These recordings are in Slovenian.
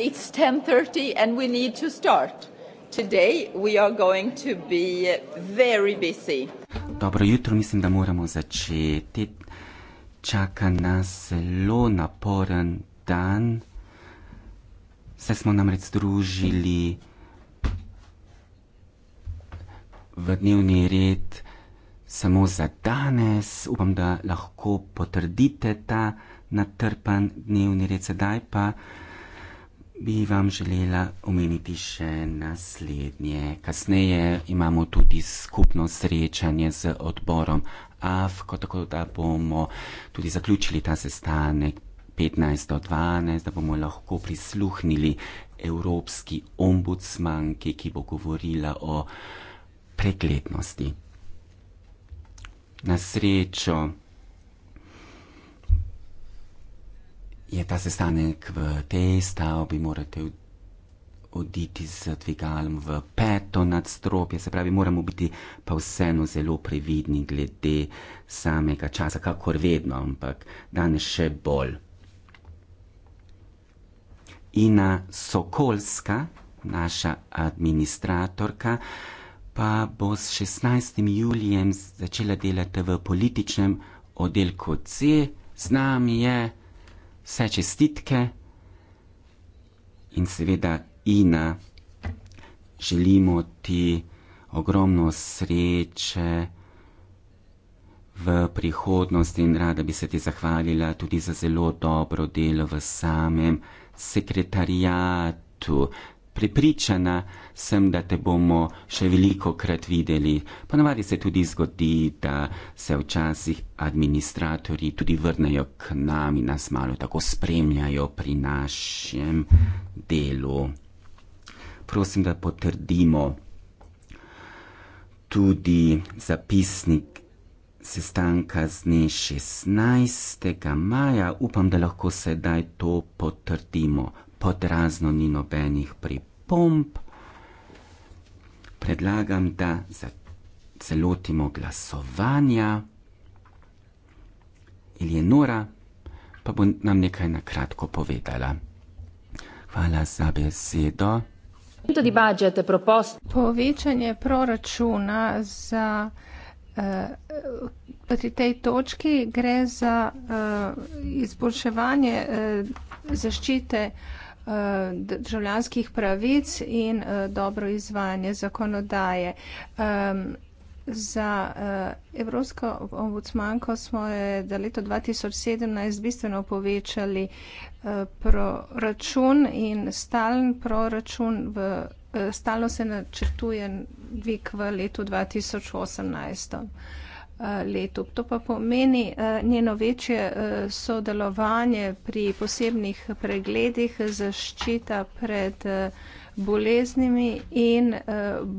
It's 10:30, and we need to start. Today, we are going to be very busy. Dobro jutro, mislim, da moramo začeti. Čaka nas zelo naporen dan. Se smo namreč združili v dnevni red samo za danes. Upam, da lahko potrdite ta natrpan dnevni red. Sedaj pa bi vam želela omeniti še naslednje. Kasneje imamo tudi skupno srečanje z odborom AF, kot tako da bomo tudi zaključili ta sestanek 15 do 12, da bomo lahko prisluhnili evropski ombudsmanki, ki bo govorila o pregletnosti. Na srečo. je ta sestanek v tej stavbi, morate oditi z dvigalom v peto nadstropje, se pravi, moramo biti pa vseeno zelo previdni glede samega časa, kakor vedno, ampak danes še bolj. Ina Sokolska, naša administratorka, pa bo s 16. julijem začela delati v političnem oddelku C. Z nami je vse čestitke in seveda Ina, želimo ti ogromno sreče v prihodnosti in rada bi se ti zahvalila tudi za zelo dobro delo v samem sekretarijatu. Pripričana sem, da te bomo še veliko krat videli. Ponavadi se tudi zgodi, da se včasih administratori tudi vrnejo k nam in nas malo tako spremljajo pri našem delu. Prosim, da potrdimo tudi zapisnik sestanka z dne 16. maja. Upam, da lahko sedaj to potrdimo pod razno ni nobenih pripomb, predlagam, da zacelotimo glasovanja. Eleonora pa bo nam nekaj na kratko povedala. Hvala za besedo. Tudi budžet je propost. Povečanje proračuna za eh, pri tej točki gre za eh, izboljševanje eh, zaščite Eh, državljanskih pravic in eh, dobro izvajanje zakonodaje. Za eh, Evropsko ombudsmanko smo je za leto 2017 bistveno povečali proračun in stalen proračun v stalno se načrtuje dvig v letu 2018. Eh, letu. To pa pomeni eh, njeno večje eh, sodelovanje pri posebnih pregledih, zaščita pred boleznimi in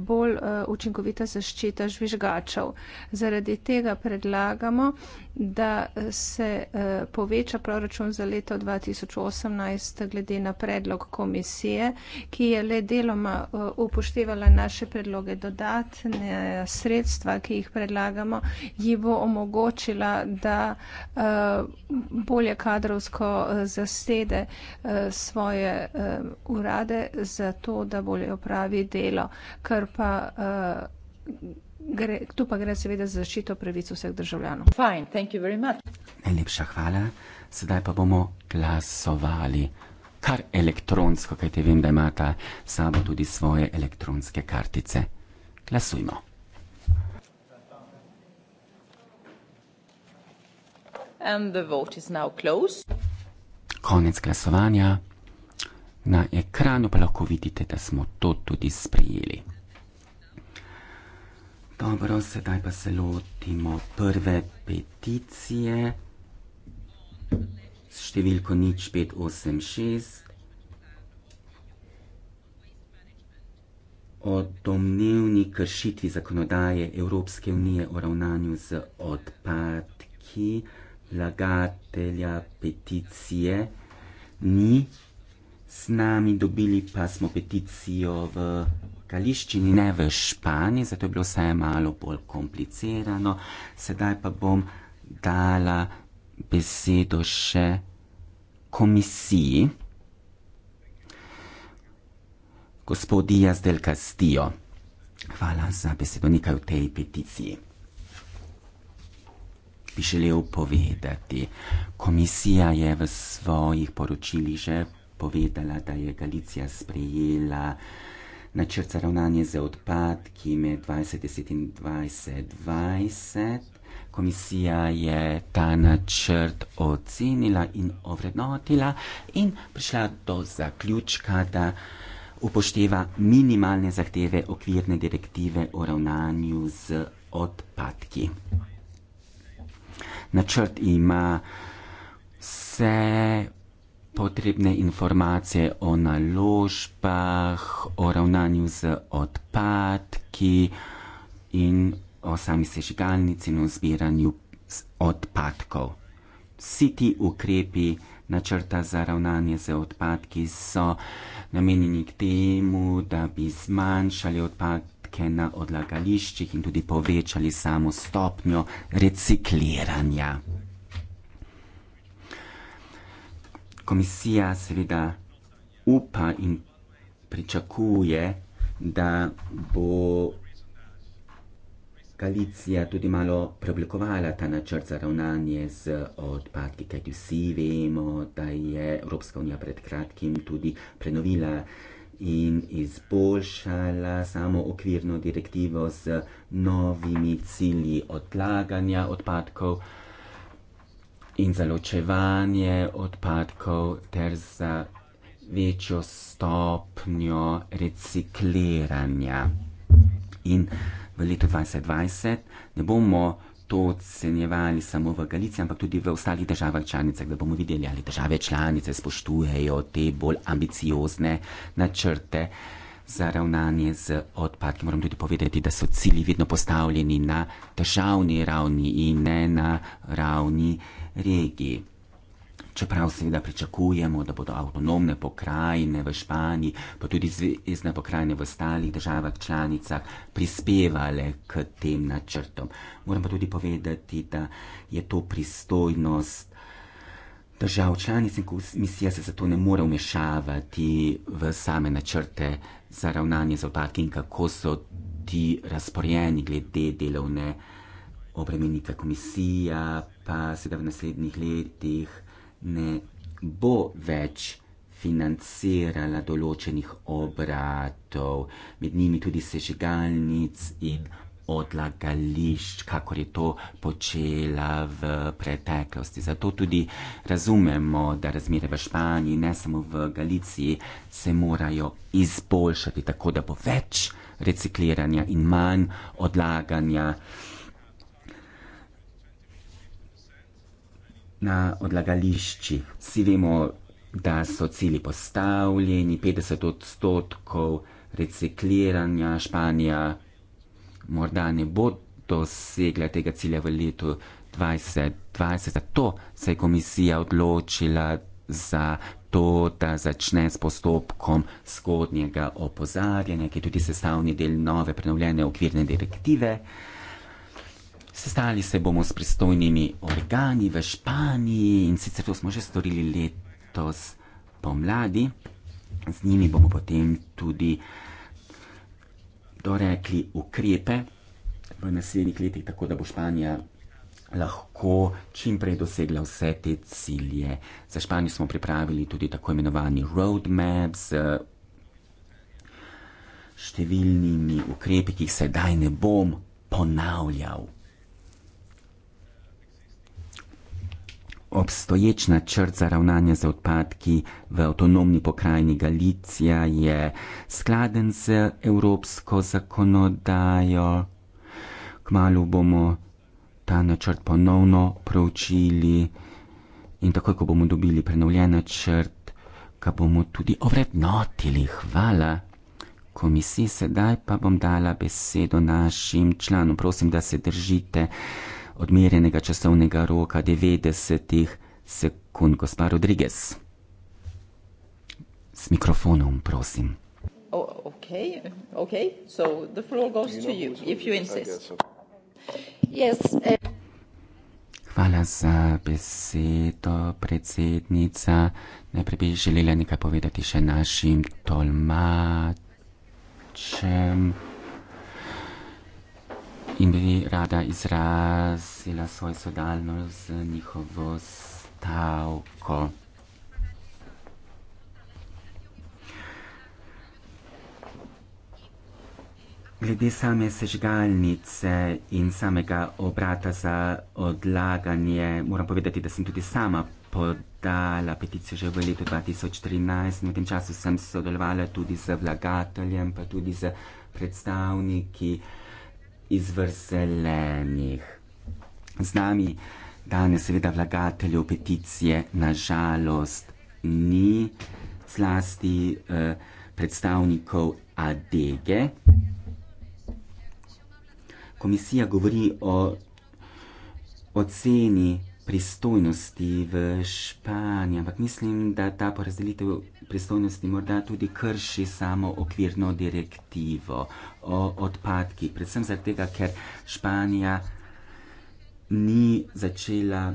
bolj učinkovita zaščita žvižgačev. Zaradi tega predlagamo, da eh, se eh, poveča proračun za leto 2018 glede na predlog komisije, ki je le deloma eh, upoštevala naše predloge dodatne sredstva, ki jih predlagamo, ji bo omogočila, da bolje kadrovsko zasede svoje urade za to, da bolje opravi delo, kar pa Gre, tu pa gre seveda za zaščito pravic vseh državljanov. Najlepša hvala. Sedaj pa bomo glasovali kar elektronsko, kajte vem, da imata sabo tudi svoje elektronske kartice. Glasujmo. Konec glasovanja. Na ekranu pa lahko vidite, da smo to tudi sprejeli. Dobro, sedaj pa se lotimo prve peticije s številko nič pet osem šest o domnevni kršitvi zakonodaje Evropske unije o ravnanju z odpadki vlagatelja peticije ni z nami, dobili pa smo peticijo v dirkališčini, ne v Španiji, zato je bilo vse malo bolj komplicirano. Sedaj pa bom dala besedo še komisiji, gospodi Jaz del Castillo. Hvala za besedo, nekaj v tej peticiji bi želel povedati. Komisija je v svojih poročilih že povedala, da je Galicija sprejela uh, načrt za ravnanje z odpadki med 2020 in 2020. Komisija je ta načrt ocenila in ovrednotila in prišla do zaključka, da upošteva minimalne zahteve okvirne direktive o ravnanju z odpadki. Načrt ima vse potrebne informacije o naložbah, o ravnanju z odpadki in o sami sežigalnici in o zbiranju odpadkov. Vsi ti ukrepi načrta za ravnanje z odpadki so namenjeni k temu, da bi zmanjšali odpadke na odlagališčih in tudi povečali samo stopnjo recikliranja. komisija seveda upa in pričakuje, da bo Galicija tudi malo preoblikovala ta načrt za ravnanje z odpadki, kajti vsi vemo, da je Evropska unija pred kratkim tudi prenovila in izboljšala samo okvirno direktivo z novimi cilji odlaganja odpadkov in za ločevanje odpadkov ter za večjo stopnjo recikliranja. In v letu 2020 ne bomo to ocenjevali samo v Galiciji, ampak tudi v ostalih državah članicah, da bomo videli, ali države članice spoštujejo te bolj ambiciozne načrte za ravnanje z odpadki. Moram tudi povedati, da so cilji vedno postavljeni na državni ravni in ne na ravni regiji. Čeprav seveda pričakujemo, da bodo avtonomne pokrajine v Španiji, pa tudi zvezdne pokrajine v ostalih državah članicah prispevale k tem načrtom. Moram pa tudi povedati, da je to pristojnost Držav članic in komisija se zato ne more vmešavati v same načrte za ravnanje z odpadki in kako so ti razporejeni glede delovne obremenitve. Komisija pa seveda v naslednjih letih ne bo več financirala določenih obratov, med njimi tudi sežigalnic in odlagališč, kakor je to počela v preteklosti. Zato tudi razumemo, da razmere v Španiji, ne samo v Galiciji, se morajo izboljšati, tako da bo več recikliranja in manj odlaganja na odlagališčih. Vsi vemo, da so cilji postavljeni, 50 odstotkov recikliranja Španija morda ne bo dosegla tega cilja v letu 2020. Zato se je komisija odločila za to, da začne s postopkom skodnjega opozarjanja, ki je tudi sestavni del nove prenovljene okvirne direktive. Sestali se bomo s pristojnimi organi v Španiji in sicer to smo že storili letos pomladi. Z njimi bomo potem tudi uh, dorekli ukrepe v naslednjih letih, tako da bo Španija lahko čim prej dosegla vse te cilje. Za Španijo smo pripravili tudi tako imenovani roadmap z eh, številnimi ukrepi, ki jih sedaj ne bom ponavljal. Obstoječ načrt za ravnanje z odpadki v avtonomni pokrajini Galicija je skladen z evropsko zakonodajo. Kmalo bomo ta načrt ponovno proučili in takoj, ko bomo dobili prenovljen načrt, ga bomo tudi ovrednotili. Hvala. Komisiji sedaj pa bom dala besedo našim članom. Prosim, da se držite odmerjenega časovnega roka 90 sekund, gospa Rodriguez. S mikrofonom, prosim. Oh, eh. Hvala za besedo, predsednica. Najprej bi želela nekaj povedati še našim tolmačem in bi rada izrazila svojo sodelovanje z njihovo stavko. Glede same sežgalnice in samega obrata za odlaganje, moram povedati, da sem tudi sama podala peticijo že v letu 2013 in v tem času sem sodelovala tudi z vlagateljem, pa tudi z predstavniki uh, izvrzelenih. Z nami danes seveda vlagateljev peticije na žalost ni zlasti eh, predstavnikov ADEGE. Komisija govori o oceni pristojnosti v Španiji, ampak mislim, da ta porazdelitev pristojnosti morda tudi krši samo okvirno direktivo o odpadkih, predvsem zato, ker Španija ni začela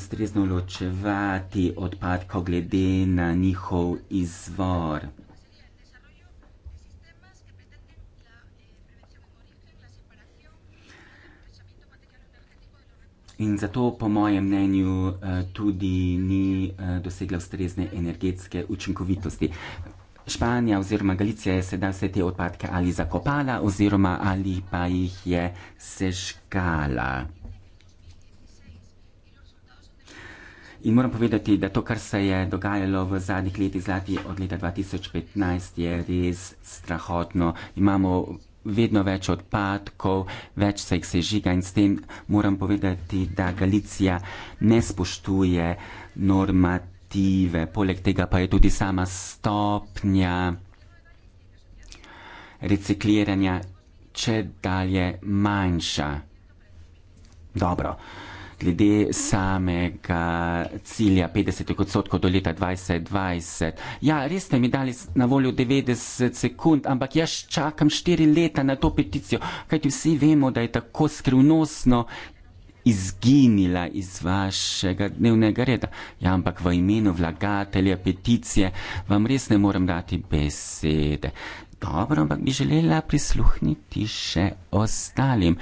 ustrezno ločevati odpadkov glede na njihov izvor. In zato, po mojem mnenju, eh, tudi ni eh, dosegla ustrezne energetske učinkovitosti. Španija oziroma Galicija je sedaj vse te odpadke ali zakopala oziroma ali pa jih je sežkala. In moram povedati, da to, kar se je dogajalo v zadnjih letih, zlati od leta 2015, je res strahotno. Imamo vedno več odpadkov, več se jih sežiga in s tem moram povedati, da Galicija ne spoštuje normative. Poleg tega pa je tudi sama stopnja recikliranja če dalje manjša. Dobro glede samega cilja 50 odstotkov do leta 2020. Ja, res ste mi dali na voljo 90 sekund, ampak jaz čakam 4 leta na to peticijo, kajti vsi vemo, da je tako skrivnostno izginila iz vašega dnevnega reda. Ja, ampak v imenu vlagatelja peticije vam res ne morem dati besede. Dobro, ampak bi želela prisluhniti še ostalim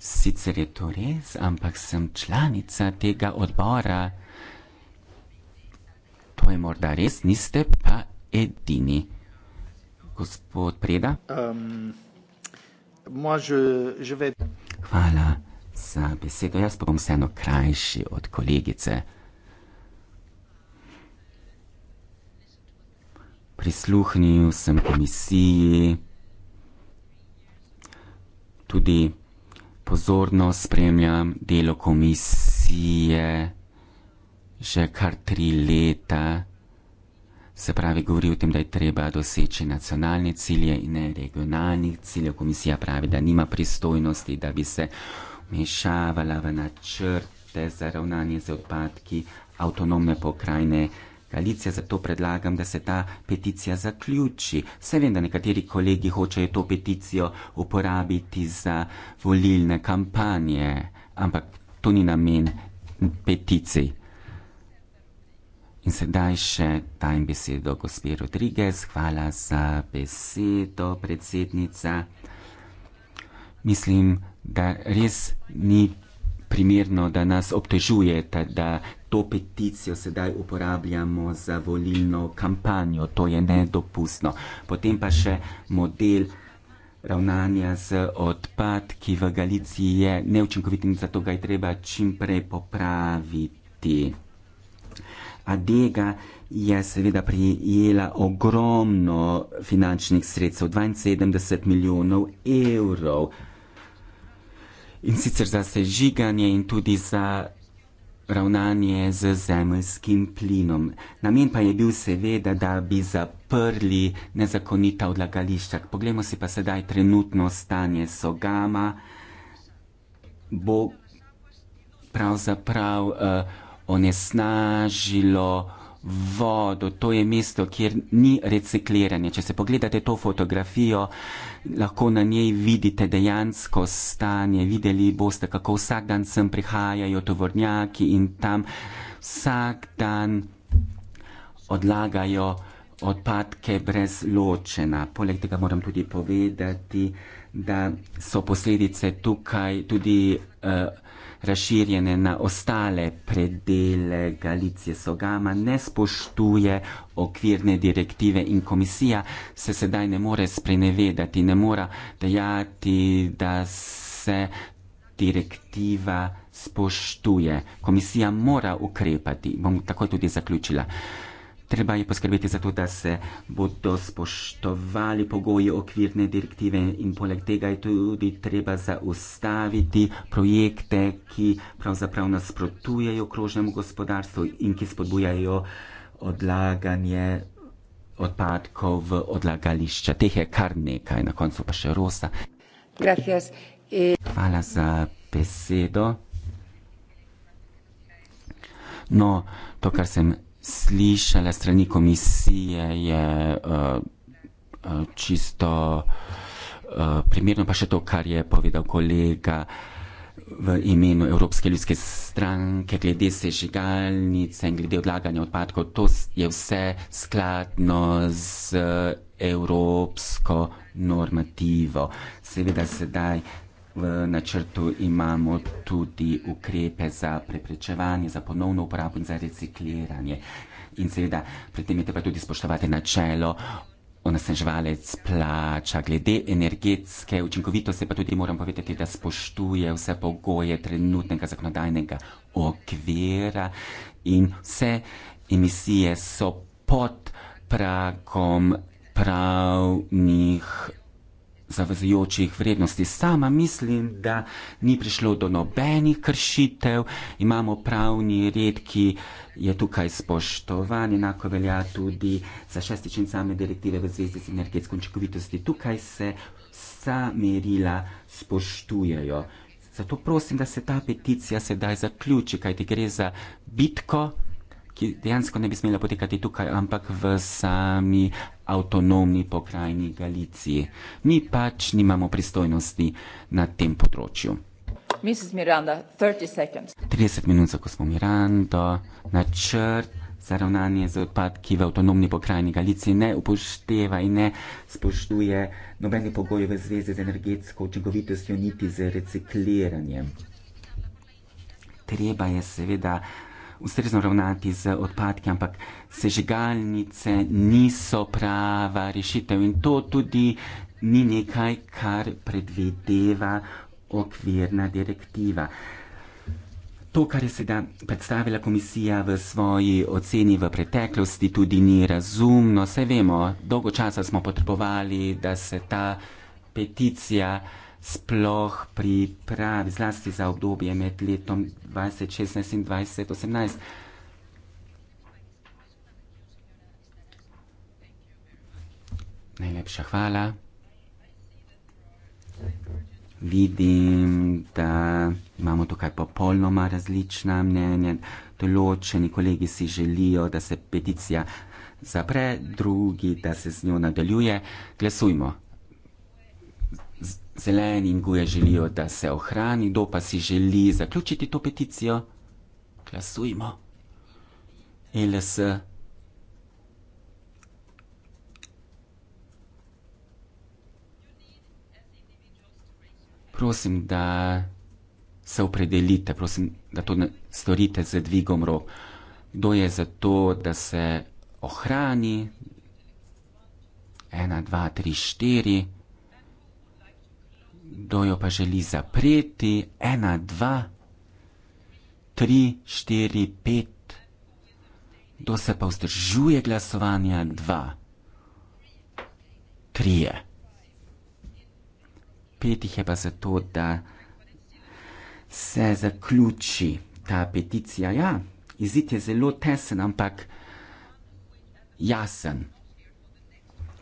sicer je to res, ampak sem članica tega odbora. To je morda res, niste pa edini. Gospod Preda? Um, može, že ved... Hvala za besedo. Jaz pa bom vseeno krajši od kolegice. Prisluhnil sem komisiji, tudi pozorno spremljam delo komisije že kar tri leta. Se pravi, govori o tem, da je treba doseči nacionalne cilje in ne regionalnih ciljev. Komisija pravi, da nima pristojnosti, da bi se mešavala v načrte za ravnanje z odpadki avtonomne pokrajine. Galicija, zato predlagam, da se ta peticija zaključi. Se vem, da nekateri kolegi hočejo to peticijo uporabiti za volilne kampanje, ampak to ni namen peticij. In sedaj še dajem besedo gospe Rodriguez. Hvala za besedo, predsednica. Mislim, da res ni primerno, da nas obtežujete, da to peticijo sedaj uporabljamo za volilno kampanjo, to je nedopustno. Potem pa še model ravnanja z odpadki v Galiciji je neučinkovit in zato ga je treba čimprej popraviti. Adega je seveda prijela ogromno finančnih sredstev, 72 milijonov evrov. In sicer za sežiganje in tudi za ravnanje z zemljskim plinom. Namen pa je bil seveda, da bi zaprli nezakonita odlagališča. Poglejmo si pa sedaj trenutno stanje Sogama. Bo pravzaprav uh, onesnažilo vodo, to je mesto, kjer ni recikliranje. Če se pogledate to fotografijo, lahko na njej vidite dejansko stanje. Videli boste, kako vsak dan sem prihajajo tovornjaki in tam vsak dan odlagajo odpadke brez ločena. Poleg tega moram tudi povedati, da so posledice tukaj tudi. Uh, razširjene na ostale predele Galicije Sogama, ne spoštuje okvirne direktive in komisija se sedaj ne more sprenevedati, ne mora dejati, da se direktiva spoštuje. Komisija mora ukrepati, bom tako tudi zaključila. Treba je poskrbeti za to, da se bodo spoštovali pogoji okvirne direktive in poleg tega je tudi treba zaustaviti projekte, ki pravzaprav nasprotujejo krožnemu gospodarstvu in ki spodbujajo odlaganje odpadkov v odlagališča. Teh je kar nekaj, na koncu pa še rosa. Eh, Hvala za besedo. No, to, kar sem slišale strani komisije, je uh, uh, čisto uh, primerno, pa še to, kar je povedal kolega v imenu Evropske ljudske stranke, glede sežigalnice in glede odlaganja odpadkov, to je vse skladno z evropsko normativo. Seveda sedaj uh, V načrtu imamo tudi ukrepe za preprečevanje, za ponovno uporabo in za recikliranje. In seveda, pri tem je treba tudi spoštovati načelo onesnaževalec plača. Glede energetske učinkovitosti pa tudi moram povedati, da spoštuje vse pogoje trenutnega zakonodajnega okvira in vse emisije so pod pragom pravnih zavezujočih vrednosti. Sama mislim, da ni prišlo do nobenih kršitev, imamo pravni red, ki je tukaj spoštovan, enako velja tudi za šestičen same direktive v zvezi z energetsko učinkovitosti. Tukaj se vsa merila spoštujejo. Zato prosim, da se ta peticija sedaj zaključi, kajti gre za bitko ki dejansko ne bi smela potekati tukaj, ampak v sami avtonomni pokrajini Galiciji. Mi pač nimamo pristojnosti na tem področju. Mrs. Miranda, 30, 30 minut za gospod Miranda, načrt za ravnanje z odpadki v avtonomni pokrajini Galiciji ne upošteva in ne spoštuje nobenih pogojev v zvezi z energetsko učinkovitostjo niti z recikliranjem. Treba je seveda ustrezno ravnati z odpadki, ampak sežigalnice niso prava rešitev in to tudi ni nekaj, kar predvideva okvirna direktiva. To, kar je sedaj predstavila komisija v svoji oceni v preteklosti, tudi ni razumno. Vse vemo, dolgo časa smo potrebovali, da se ta peticija uh, sploh pripravi, zlasti za obdobje med letom 2016 in 2018. Najlepša hvala. Vidim, da imamo tukaj popolnoma različna mnenja. Določeni kolegi si želijo, da se peticija zapre, drugi, da se z njo nadaljuje. Glasujmo zeleni in guje želijo, da se ohrani, kdo pa si želi zaključiti to peticijo, glasujmo. LS. Prosim, da se opredelite, prosim, da to storite z dvigom rok. Kdo je za to, da se ohrani? 1, 2, 3, 4 kdo jo pa želi zapreti, ena, dva, tri, štiri, pet, kdo se pa vzdržuje glasovanja, dva, trije. Pet jih je pa zato, da se zaključi ta peticija. Ja, izid je zelo tesen, ampak jasen.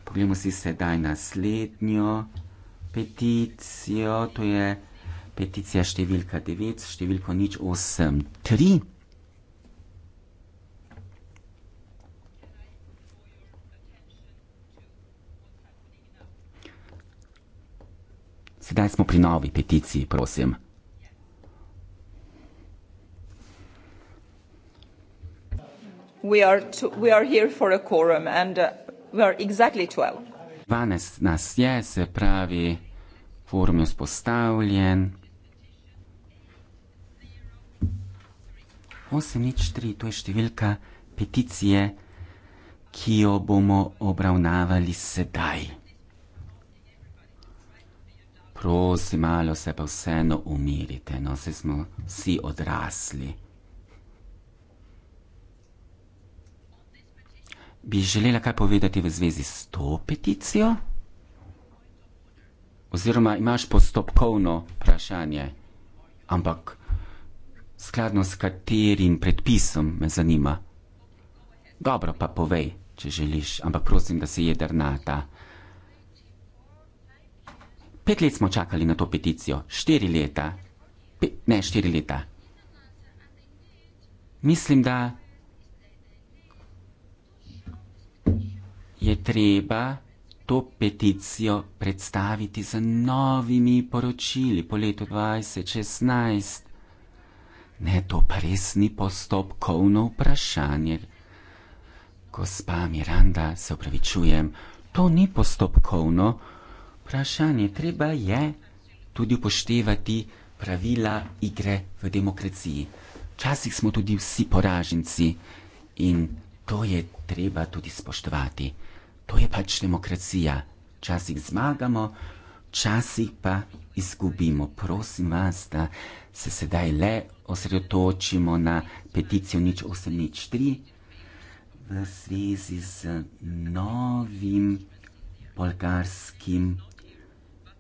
Poglejmo si sedaj naslednjo peticijo, to je peticija številka 9, številko nič 8, 3. Sedaj smo pri novi peticiji, prosim. We are, to, we are here for a quorum and uh, we are exactly 12. 12 nas je, se pravi, form je spostavljen. 8 nič 3, to je številka peticije, ki jo bomo obravnavali sedaj. Prosim, malo se pa vseeno umirite, no se smo vsi odrasli. bi želela kaj povedati v zvezi s to peticijo? Oziroma imaš postopkovno vprašanje, ampak skladno s katerim predpisom me zanima. Dobro, pa povej, če želiš, ampak prosim, da se jedrnata. Pet let smo čakali na to peticijo, štiri leta, Pe ne štiri leta. Mislim, da je treba to peticijo predstaviti z novimi poročili po letu 2016. Ne, to pa res ni postopkovno vprašanje. Gospa Miranda, se upravičujem, to ni postopkovno vprašanje. Treba je tudi upoštevati pravila igre v demokraciji. Včasih smo tudi vsi poraženci in to je treba tudi spoštovati. To je pač demokracija. Včasih zmagamo, včasih pa izgubimo. Prosim vas, da se sedaj le osredotočimo na peticijo nič 803 v zvezi z novim bolgarskim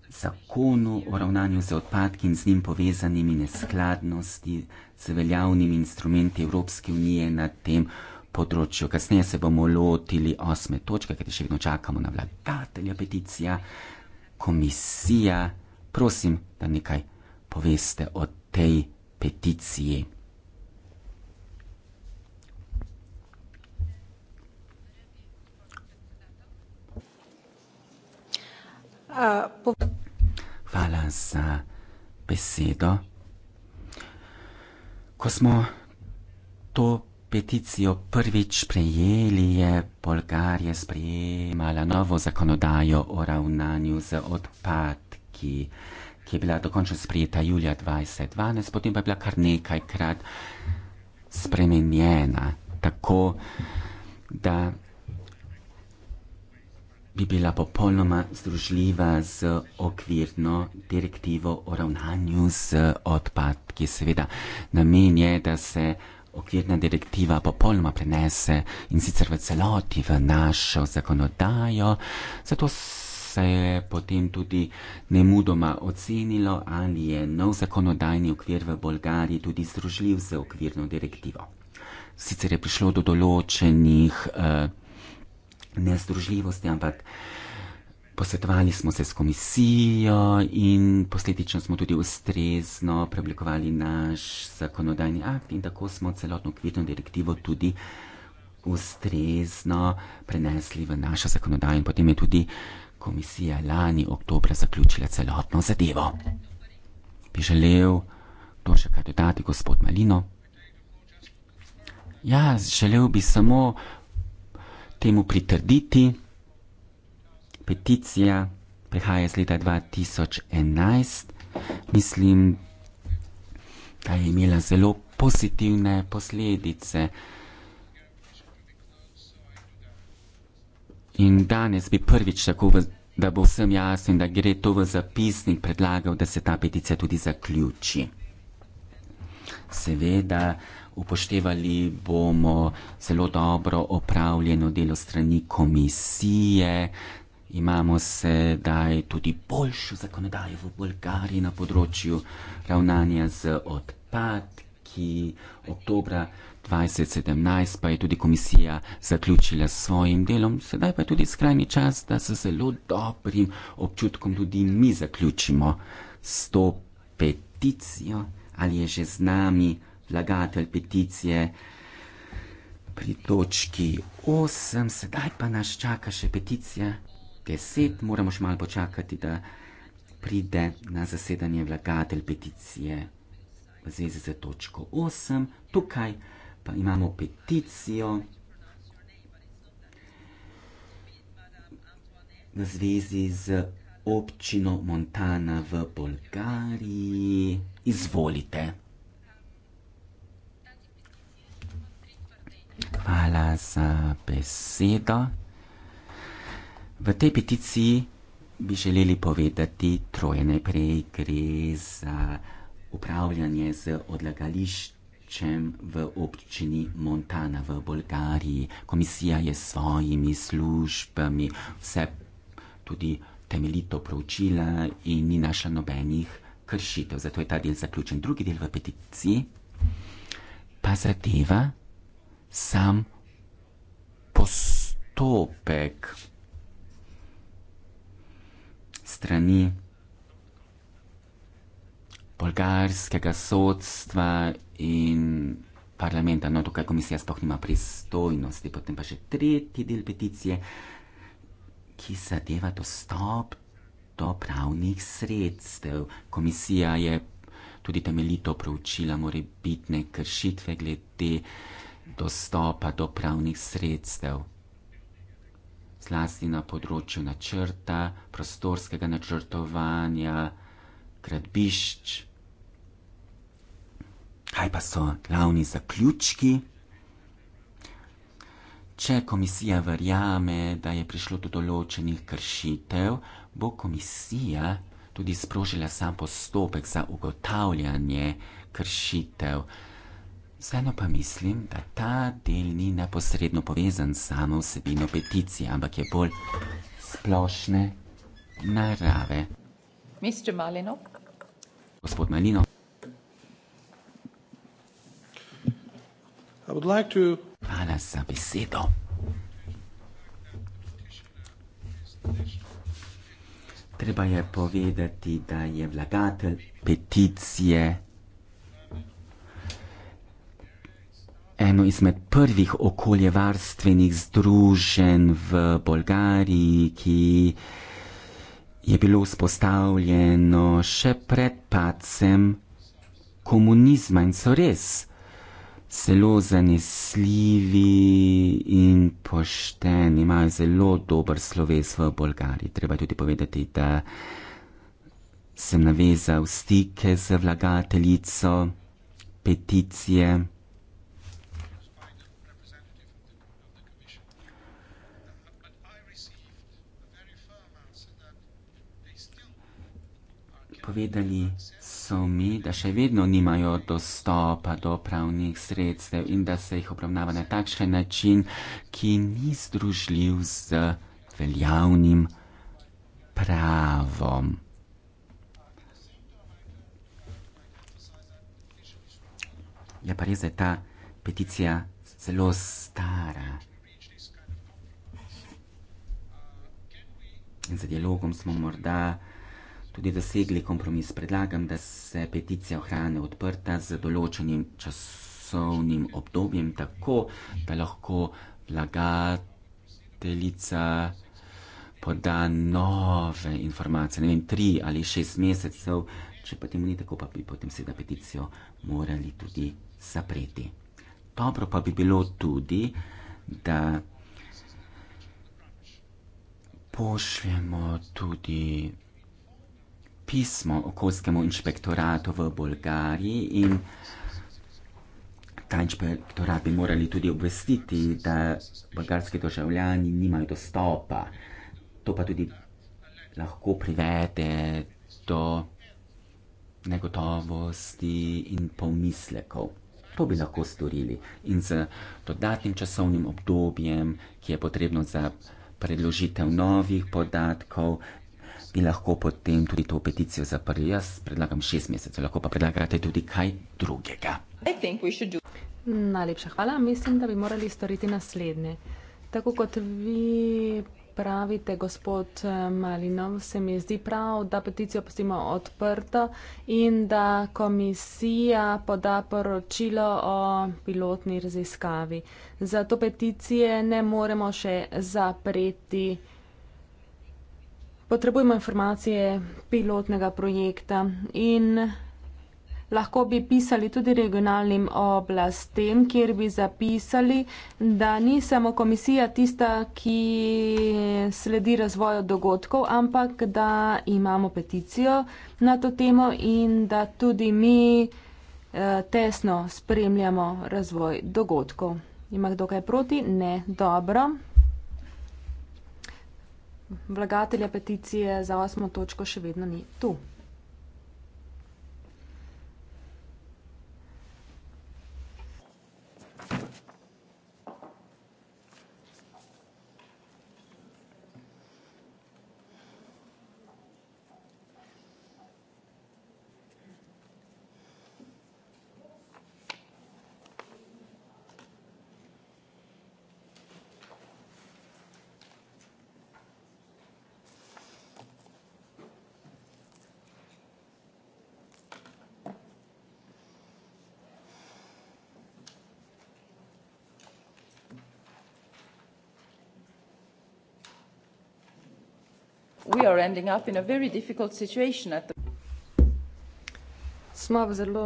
zakonu o ravnanju z odpadki in z njim povezanimi neskladnosti z veljavnimi instrumenti Evropske unije na tem področju področju. Kasneje se bomo lotili osme točke, kajti še vedno čakamo na vlagatelja peticija, komisija. Prosim, da nekaj poveste o tej peticiji. Hvala za besedo. Ko smo to peticijo prvič prejeli, je Bolgarija sprejemala novo zakonodajo o ravnanju z odpadki, ki je bila dokončno sprejeta julija 2012, potem pa je bila kar nekajkrat spremenjena, tako da bi bila popolnoma združljiva z okvirno direktivo o ravnanju z odpadki. Seveda namen je, da se okvirna direktiva popolnoma prenese in sicer v celoti v našo zakonodajo. Zato se je potem tudi nemudoma ocenilo, ali je nov zakonodajni okvir v Bolgariji tudi združljiv z okvirno direktivo. Sicer je prišlo do določenih uh, nezdružljivosti, ampak uh, posvetovali smo se s komisijo in posledično smo tudi ustrezno preoblikovali naš zakonodajni akt in tako smo celotno okvirno direktivo tudi ustrezno prenesli v našo zakonodajo in potem je tudi komisija lani oktobra zaključila celotno zadevo. Bi želel to še kaj dodati, gospod Malino? Ja, želel bi samo temu pritrditi peticija prihaja iz leta 2011. Mislim, da je imela zelo pozitivne posledice. In danes bi prvič tako, v, da bo vsem jasno in da gre to v zapisnik, predlagal, da se ta peticija tudi zaključi. Seveda, upoštevali bomo zelo dobro opravljeno delo strani komisije, Imamo sedaj tudi boljšo zakonodajo v Bolgariji na področju ravnanja z odpadki. Oktobra 2017 pa je tudi komisija zaključila s svojim delom, sedaj pa je tudi skrajni čas, da se zelo dobrim občutkom tudi mi zaključimo s to peticijo. Ali je že z nami vlagatelj peticije? Pri točki 8, sedaj pa nas čaka še peticija deset, moramo še malo počakati, da pride na zasedanje vlagatelj peticije v zvezi z točko osem. Tukaj pa imamo peticijo v zvezi z občino Montana v Bolgariji. Izvolite. Hvala za besedo. V tej peticiji bi želeli povedati troje. Najprej gre za upravljanje z odlagališčem v občini Montana v Bolgariji. Komisija je s svojimi službami vse tudi temeljito proučila in ni našla nobenih kršitev. Zato je ta del zaključen. Drugi del v peticiji pa zadeva sam postopek strani bolgarskega sodstva in parlamenta. No, tukaj komisija sploh nima pristojnosti. Potem pa še tretji del peticije, ki zadeva dostop do pravnih sredstev. Komisija je tudi temeljito proučila morebitne kršitve glede dostopa do pravnih sredstev zlasti na področju načrta, prostorskega načrtovanja, gradbišč. Kaj pa so glavni zaključki? Če komisija verjame, da je prišlo do določenih kršitev, bo komisija tudi sprožila sam postopek za ugotavljanje kršitev. Vseeno pa mislim, da ta del ni neposredno povezan s samo vsebino peticije, ampak je bolj splošne narave. Mister Malino. Gospod Malino. Like to... Hvala za besedo. Treba je povedati, da je vlagatelj peticije. eno izmed prvih okoljevarstvenih združenj v Bolgariji, ki je bilo vzpostavljeno še pred pacem komunizma in so res zelo zanesljivi in pošteni, imajo zelo dober sloves v Bolgariji. Treba tudi povedati, da sem navezal stike z vlagateljico peticije. povedali so mi, da še vedno nimajo dostopa do pravnih sredstev in da se jih obravnava na takšen način, ki ni združljiv z veljavnim pravom. Je pa res, da je ta peticija zelo stara. In za dialogom smo morda tudi dosegli kompromis. Predlagam, da se peticija ohrane odprta z določenim časovnim obdobjem, tako da lahko vlagateljica poda nove informacije, ne vem, tri ali šest mesecev, če pa temu ni tako, pa bi potem seveda peticijo morali tudi zapreti. Dobro pa bi bilo tudi, da pošljemo tudi pismo okoljskemu inšpektoratu v Bolgariji in ta inšpektorat bi morali tudi obvestiti, da bolgarski državljani nimajo dostopa. To pa tudi lahko privede do negotovosti in pomislekov. To bi lahko storili in z dodatnim časovnim obdobjem, ki je potrebno za predložitev novih podatkov, bi lahko potem tudi to peticijo zaprli. Jaz predlagam šest mesecev, lahko pa predlagate tudi kaj drugega. Najlepša hvala. Mislim, da bi morali storiti naslednje. Tako kot vi pravite, gospod eh, Malinov, se mi zdi prav, da peticijo postimo odprto in da komisija poda poročilo o pilotni raziskavi. Zato peticije ne moremo še zapreti potrebujemo informacije pilotnega projekta in lahko bi pisali tudi regionalnim oblastem, kjer bi zapisali, da ni samo komisija tista, ki sledi razvoju dogodkov, ampak da imamo peticijo na to temo in da tudi mi eh, tesno spremljamo razvoj dogodkov. Ima kdo kaj proti? Ne. Dobro vlagatelja peticije za osmo točko še vedno ni tu. we are ending up in a very difficult situation at the Smo v zelo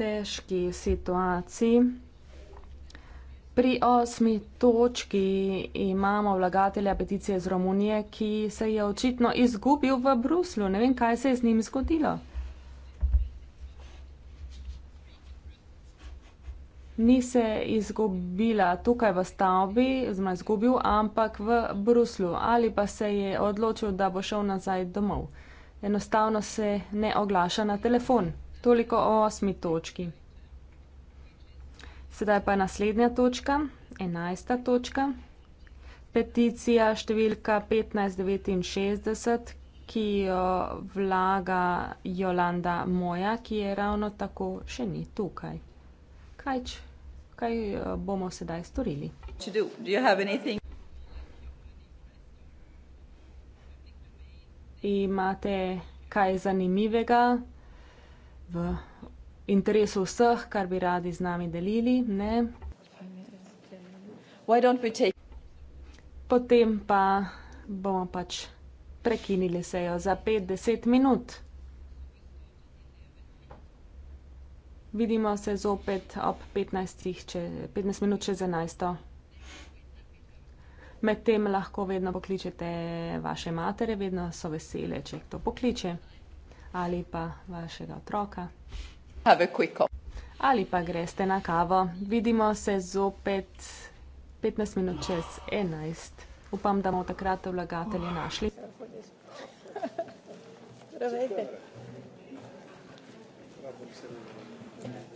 težki situaciji. Pri osmi točki imamo vlagatelja peticije iz Romunije, ki se je očitno izgubil v Bruslju. Ne vem, kaj se je z njim zgodilo. ni se izgubila tukaj v stavbi, oziroma izgubil, ampak v Bruslu ali pa se je odločil, da bo šel nazaj domov. Enostavno se ne oglaša na telefon. Toliko o osmi točki. Sedaj pa je naslednja točka, enajsta točka. Peticija številka 1569, ki jo vlaga Jolanda Moja, ki je ravno tako še ni tukaj. Kajč, kaj eh, bomo sedaj storili. Imate kaj zanimivega v interesu vseh, kar bi radi z nami delili? Ne. Potem pa bomo pač prekinili sejo za pet, deset minut. Vidimo se zopet ob 15, če, 15 minut čez 11. Medtem lahko vedno pokličete vaše matere, vedno so vesele, če kdo pokliče ali pa vašega otroka. Ali pa greste na kavo. Vidimo se zopet 15 minut čez 11. Upam, da bomo takrat vlagatelje našli. Zdravo, Thank you.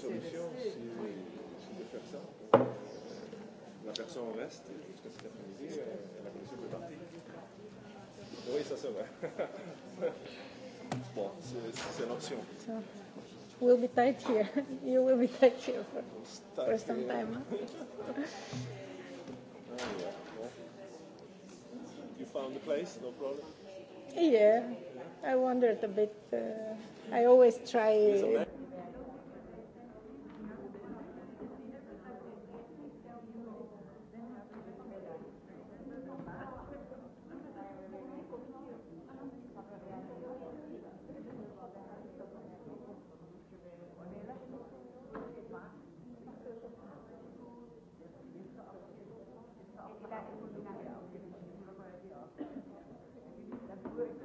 sur mission, si on peut faire ça, la personne reste jusqu'à cet après-midi et la commission peut partir. Oui, ça c'est vrai. Bon, c'est une option. We'll be tight here. You will be tight here for, for some time. Huh? oh, yeah. You found the place, no problem. Yeah, yeah. I wondered a bit. Uh, I always try. Uh,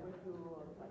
barbecue or like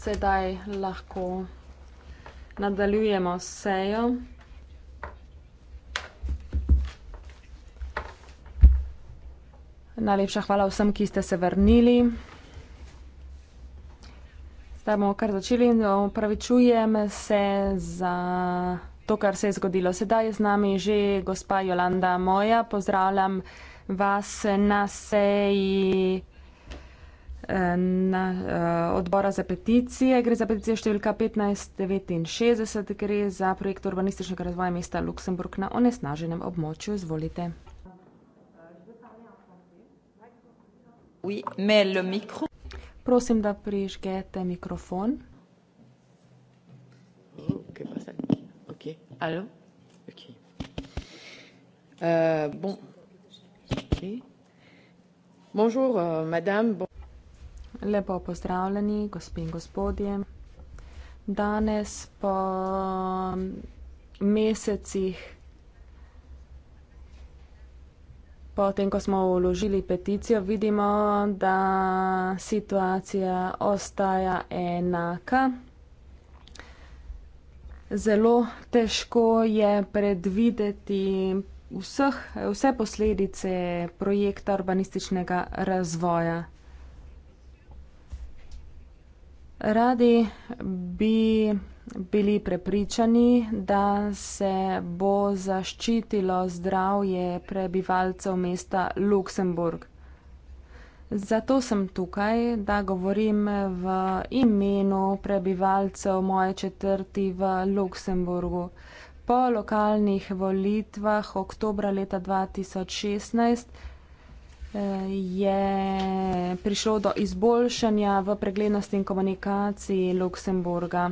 Sedaj lahko nadaljujemo sejo. Najlepša hvala vsem, ki ste se vrnili. Zdaj bomo kar začeli. Opravičujem se za to, kar se je zgodilo. Sedaj je z nami že gospa Jolanda Moja. Pozdravljam vas na seji eh, na eh, odbora za peticije. Gre za peticijo številka 1569, gre za projekt urbanističnega razvoja mesta Luksemburg na onesnaženem območju. Izvolite. Prosim, da prižgete mikrofon. Okay. Uh, bon. Bonjour, euh, madame. Lepo pozdravljeni, gospe in gospodje. Danes po um, mesecih, po tem, ko smo uložili peticijo, vidimo, da situacija ostaja enaka. Zelo težko je predvideti vseh, vse posledice projekta urbanističnega razvoja. Radi bi bili prepričani, da se bo zaščitilo zdravje prebivalcev mesta Luksemburg. Zato sem tukaj, da govorim v imenu prebivalcev moje četrti v Luksemburgu. Po lokalnih volitvah oktobra leta 2016 eh, je prišlo do izboljšanja v preglednosti in komunikaciji Luksemburga.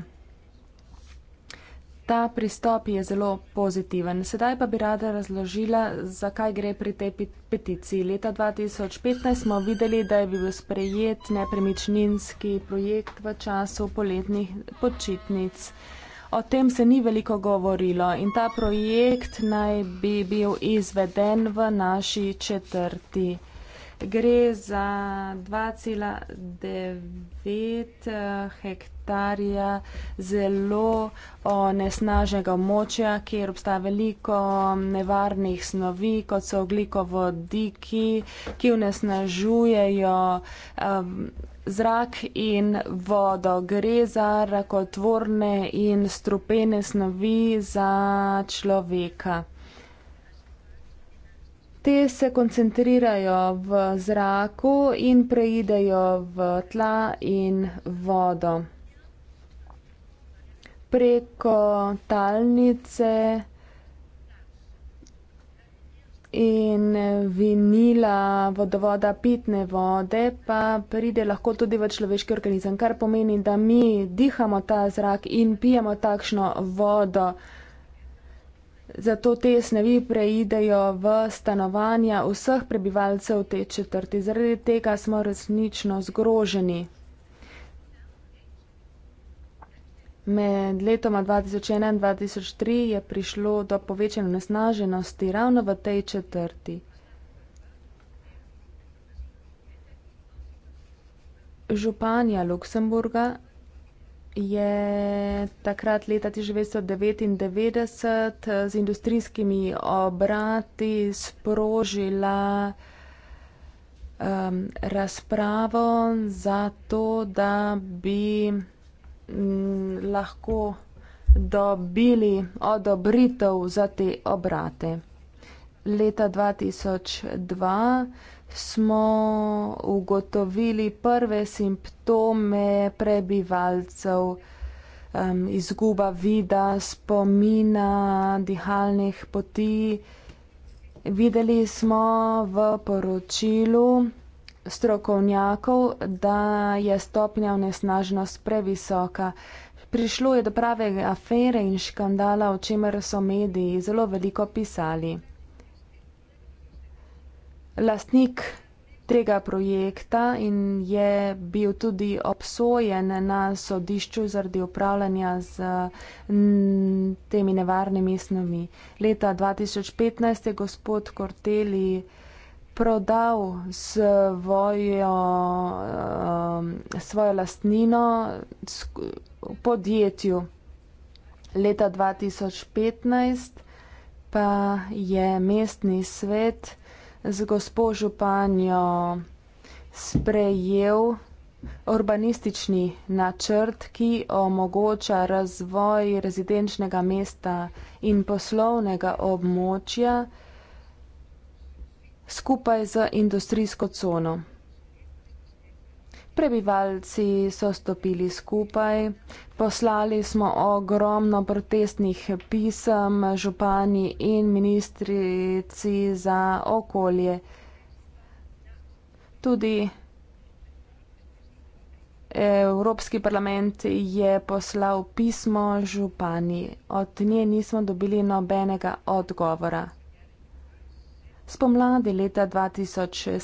Ta pristop je zelo pozitiven. Sedaj pa bi rada razložila, zakaj gre pri tej peticiji. Leta 2015 smo videli, da je bil sprejet nepremičninski projekt v času poletnih počitnic. O tem se ni veliko govorilo in ta projekt naj bi bil izveden v naši četrti. Gre za 2,9 eh, hektarja zelo onesnaženega območja, kjer obstaja veliko nevarnih snovi, kot so oglikovodiki, ki onesnažujejo. Um, zrak in vodo. Gre za rakotvorne in strupene snovi za človeka. Te se koncentrirajo v zraku in preidejo v tla in vodo. Preko talnice in vinila, vodovoda, pitne vode, pa pride lahko tudi v človeški organizem, kar pomeni, da mi dihamo ta zrak in pijemo takšno vodo. Zato te snovi preidejo v stanovanja vseh prebivalcev te četrti. Zaradi tega smo resnično zgroženi. Med letoma 2001 in 2003 je prišlo do povečanja nesnaženosti ravno v tej četrti. Županja Luksemburga je takrat leta 1999 z industrijskimi obrati sprožila um, razpravo za to, da bi Mm, lahko dobili odobritev za te obrate. Leta 2002 smo ugotovili prve simptome prebivalcev, um, izguba vida, spomina, dihalnih poti. Videli smo v poročilu, strokovnjakov, da je stopnja onesnaženosti previsoka. Prišlo je do prave afere in škandala, o čemer so mediji zelo veliko pisali. Lastnik tega projekta in je bil tudi obsojen na sodišču zaradi upravljanja z temi nevarnimi snovmi. Leta 2015 je gospod Korteli prodal svojo, um, svojo lastnino v podjetju. Leta 2015 pa je mestni svet z gospo županjo sprejel urbanistični načrt, ki omogoča razvoj rezidenčnega mesta in poslovnega območja skupaj z industrijsko cono. Prebivalci so stopili skupaj, poslali smo ogromno protestnih pisem župani in ministrici za okolje. Tudi Evropski parlament je poslal pismo župani. Od nje nismo dobili nobenega odgovora. Spomladi leta 2017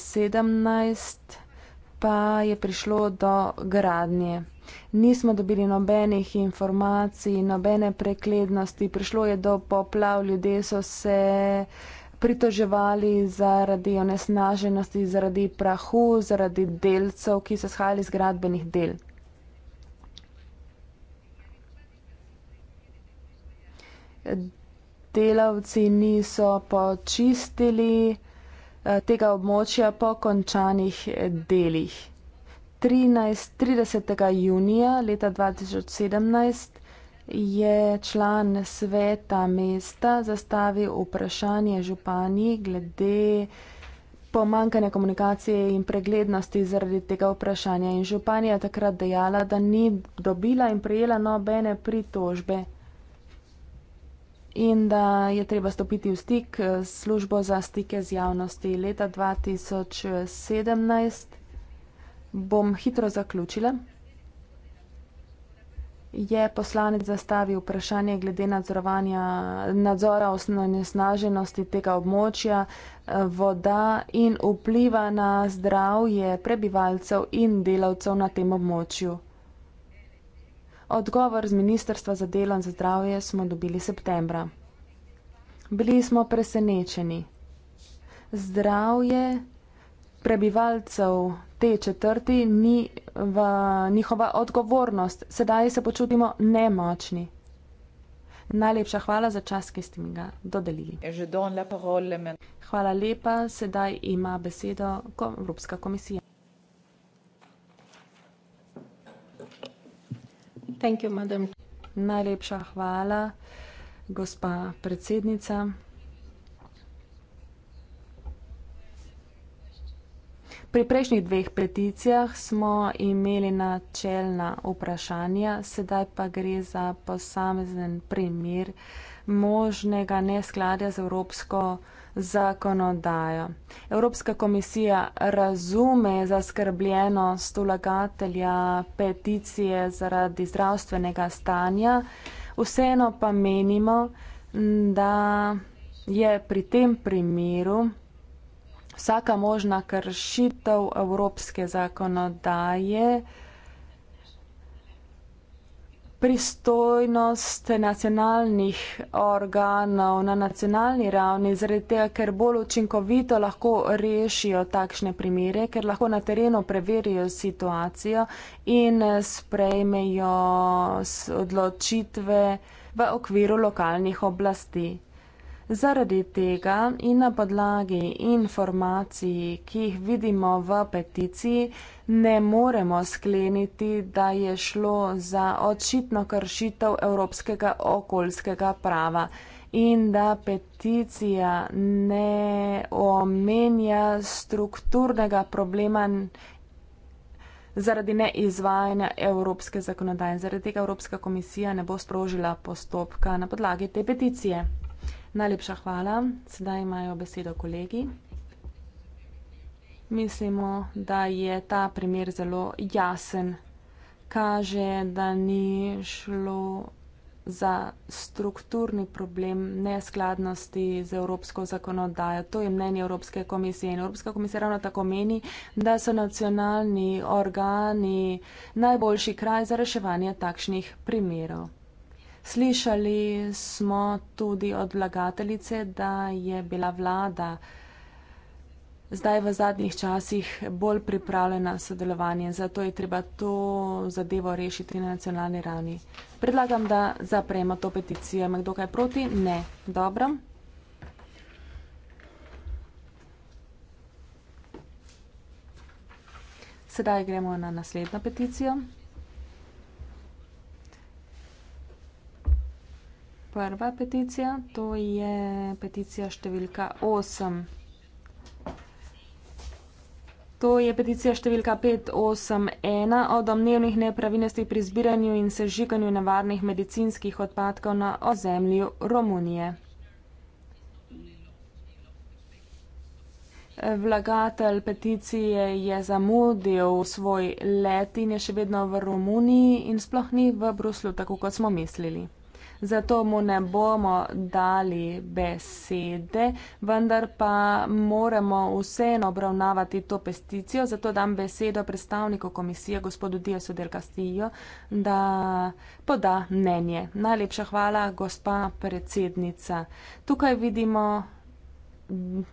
pa je prišlo do gradnje. Nismo dobili nobenih informacij, nobene preglednosti, prišlo je do poplav, ljudje so se pritoževali zaradi onesnaženosti, zaradi prahu, zaradi delcev, ki so shajali iz gradbenih del. D delavci niso počistili eh, tega območja po končanih eh, delih. 13, 30. junija leta 2017 je član sveta mesta zastavil vprašanje županji glede pomankanja komunikacije in preglednosti zaradi tega vprašanja. In županja takrat dejala, da ni dobila in prijela nobene pritožbe in da je treba stopiti v stik eh, s službo za stike z javnosti. Leta 2017 bom hitro zaključila. Je poslanec zastavil vprašanje glede nadzorovanja, nadzora osnovne snaženosti tega območja, eh, voda in vpliva na zdravje prebivalcev in delavcev na tem območju. Odgovor z Ministrstva za delo in za zdravje smo dobili septembra. Bili smo presenečeni. Zdravje prebivalcev te četrti ni v njihova odgovornost. Sedaj se počutimo nemočni. Najlepša hvala za čas, ki ste mi ga dodelili. Hvala lepa, sedaj ima besedo Evropska komisija. You, Najlepša hvala, gospa predsednica. Pri prejšnjih dveh peticijah smo imeli načelna vprašanja, sedaj pa gre za posamezen primer možnega neskladja z Evropsko unijo zakonodajo. Evropska komisija razume zaskrbljenost vlagatelja peticije zaradi zdravstvenega stanja, vseeno pa menimo, da je pri tem primeru vsaka možna kršitev evropske zakonodaje pristojnost nacionalnih organov na nacionalni ravni, zaradi tega, ker bolj učinkovito lahko rešijo takšne primere, ker lahko na terenu preverijo situacijo in sprejmejo odločitve v okviru lokalnih oblasti. Zaradi tega in na podlagi informacij, ki jih vidimo v peticiji, ne moremo skleniti, da je šlo za očitno kršitev evropskega okoljskega prava in da peticija ne omenja strukturnega problema zaradi neizvajanja evropske zakonodaje. Zaradi tega Evropska komisija ne bo sprožila postopka na podlagi te peticije. Najlepša hvala. Sedaj imajo besedo kolegi. Mislimo, da je ta primer zelo jasen. Kaže, da ni šlo za strukturni problem neskladnosti z evropsko zakonodajo. To je mnenje Evropske komisije in Evropska komisija ravno tako meni, da so nacionalni organi najboljši kraj za reševanje takšnih primerov. Slišali smo tudi od vlagateljice, da je bila vlada zdaj v zadnjih časih bolj pripravljena sodelovanje, zato je treba to zadevo rešiti na nacionalni ravni. Predlagam, da zapremo to peticijo. Ima kdo kaj proti? Ne. Dobro. Sedaj gremo na naslednjo peticijo. prva peticija, to je peticija številka 8. To je peticija številka 581 o domnevnih nepravilnostih pri zbiranju in sežiganju nevarnih medicinskih odpadkov na ozemlju Romunije. Vlagatelj peticije je zamudil svoj let in je še vedno v Romuniji in sploh ni v Bruslu, tako kot smo mislili zato mu ne bomo dali besede, vendar pa moramo vseeno obravnavati to pesticijo, zato dam besedo predstavniku komisije, gospodu Diasu del Castillo, da poda mnenje. Najlepša hvala, gospa predsednica. Tukaj vidimo,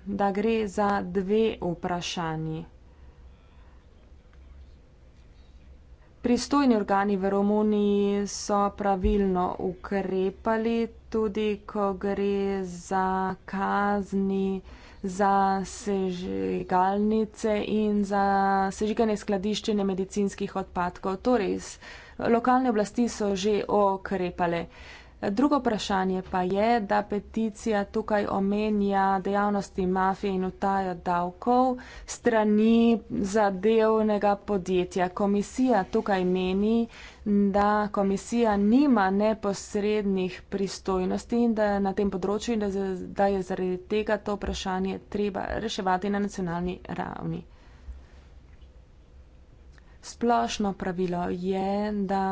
da gre za dve vprašanji. Pristojni organi v Romuniji so pravilno ukrepali, tudi ko gre za kazni za sežigalnice in za sežiganje skladiščenja medicinskih odpadkov. Torej, lokalne oblasti so že okrepale. Uh, Drugo vprašanje pa je, da peticija tukaj omenja dejavnosti mafije in utajo davkov strani zadevnega podjetja. Komisija tukaj meni, da komisija nima neposrednih pristojnosti in da na tem področju in da, da je zaradi tega to vprašanje treba reševati na nacionalni ravni. Splošno pravilo je, da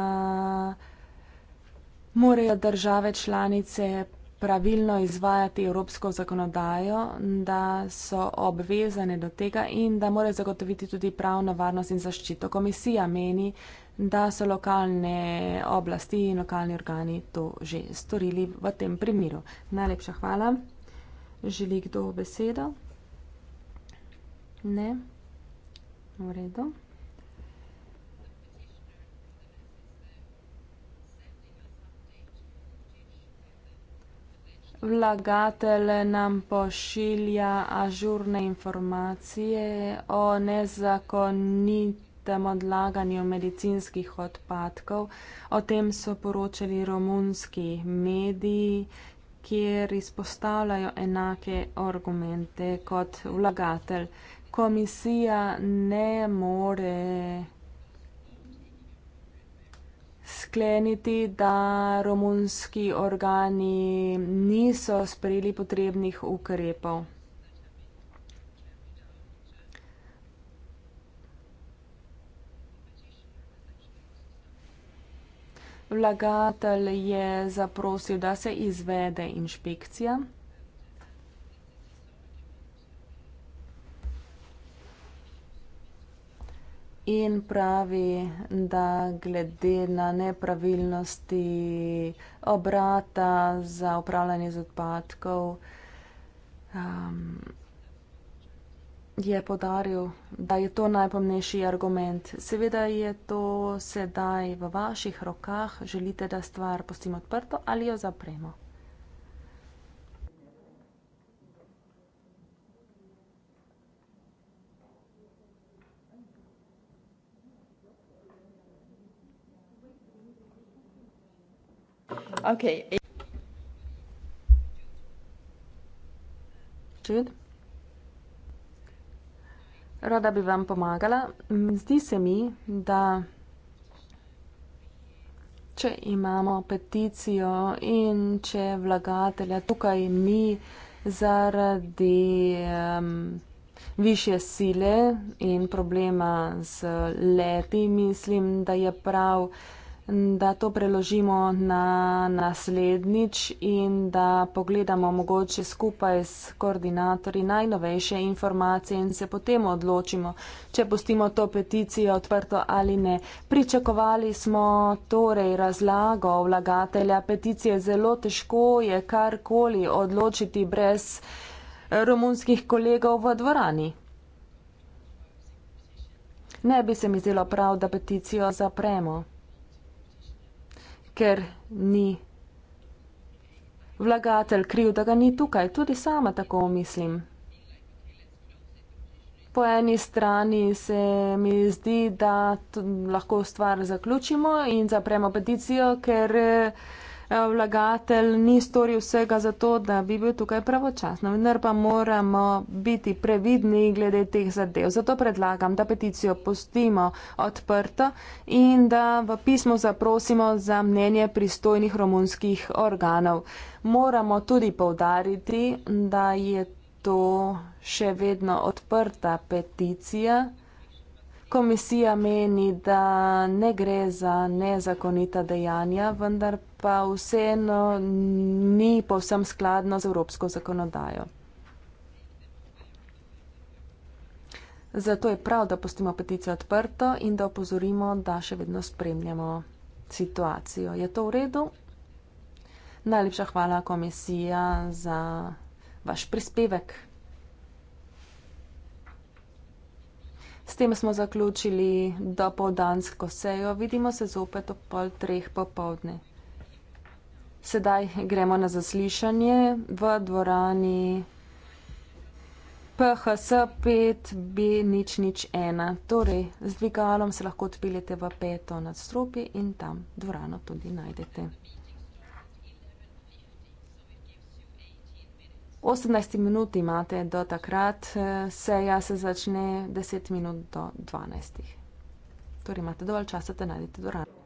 morajo države članice pravilno izvajati evropsko zakonodajo, da so obvezane do tega in da morajo zagotoviti tudi pravno varnost in zaščito. Komisija meni, da so lokalne oblasti in lokalni organi to že storili v tem primeru. Najlepša hvala. Želi kdo besedo? Ne. V redu. Vlagatelj nam pošilja ažurne informacije o nezakonitem odlaganju medicinskih odpadkov. O tem so poročali romunski mediji, kjer izpostavljajo enake argumente kot vlagatelj. Komisija ne more skleniti, da romunski organi niso sprejeli potrebnih ukrepov. Vlagatelj je zaprosil, da se izvede inšpekcija. in pravi, da glede na nepravilnosti obrata za upravljanje z odpadkov um, je podaril, da je to najpomnejši argument. Seveda je to sedaj v vaših rokah, želite, da stvar postimo odprto ali jo zapremo. Okay. Čud. Rada bi vam pomagala. Mm, zdi se mi, da če imamo peticijo in če vlagatelja tukaj ni zaradi um, višje sile in problema z leti, mislim, da je prav da to preložimo na naslednjič in da pogledamo mogoče skupaj s koordinatorji najnovejše informacije in se potem odločimo, če pustimo to peticijo odprto ali ne. Pričakovali smo torej razlago vlagatelja peticije, zelo težko je karkoli odločiti brez eh, romunskih kolegov v dvorani. Ne bi se mi zdelo prav, da peticijo zapremo ker ni vlagatelj kriv, da ga ni tukaj. Tudi sama tako mislim. Po eni strani se mi zdi, da lahko stvar zaključimo in zapremo peticijo, ker. Eh, vlagatelj ni storil vsega za to, da bi bil tukaj pravočasno. Vendar pa moramo biti previdni glede teh zadev. Zato predlagam, da peticijo postimo odprto in da v pismo zaprosimo za mnenje pristojnih romunskih organov. Moramo tudi povdariti, da je to še vedno odprta peticija. Komisija meni, da ne gre za nezakonita dejanja, vendar pa vseeno ni povsem skladno z evropsko zakonodajo. Zato je prav, da postimo peticijo odprto in da opozorimo, da še vedno spremljamo situacijo. Je to v redu? Najlepša hvala komisija za vaš prispevek. S tem smo zaključili do povdansko sejo. Vidimo se zopet ob pol treh popovdne. Sedaj gremo na zaslišanje v dvorani PHS5B001. Torej, z dvigalom se lahko odpeljete v peto nadstropje in tam dvorano tudi najdete. 18 minut imate do takrat, eh, seja se začne 10 minut do 12. Torej, imate dovolj časa, da najdete dvorano.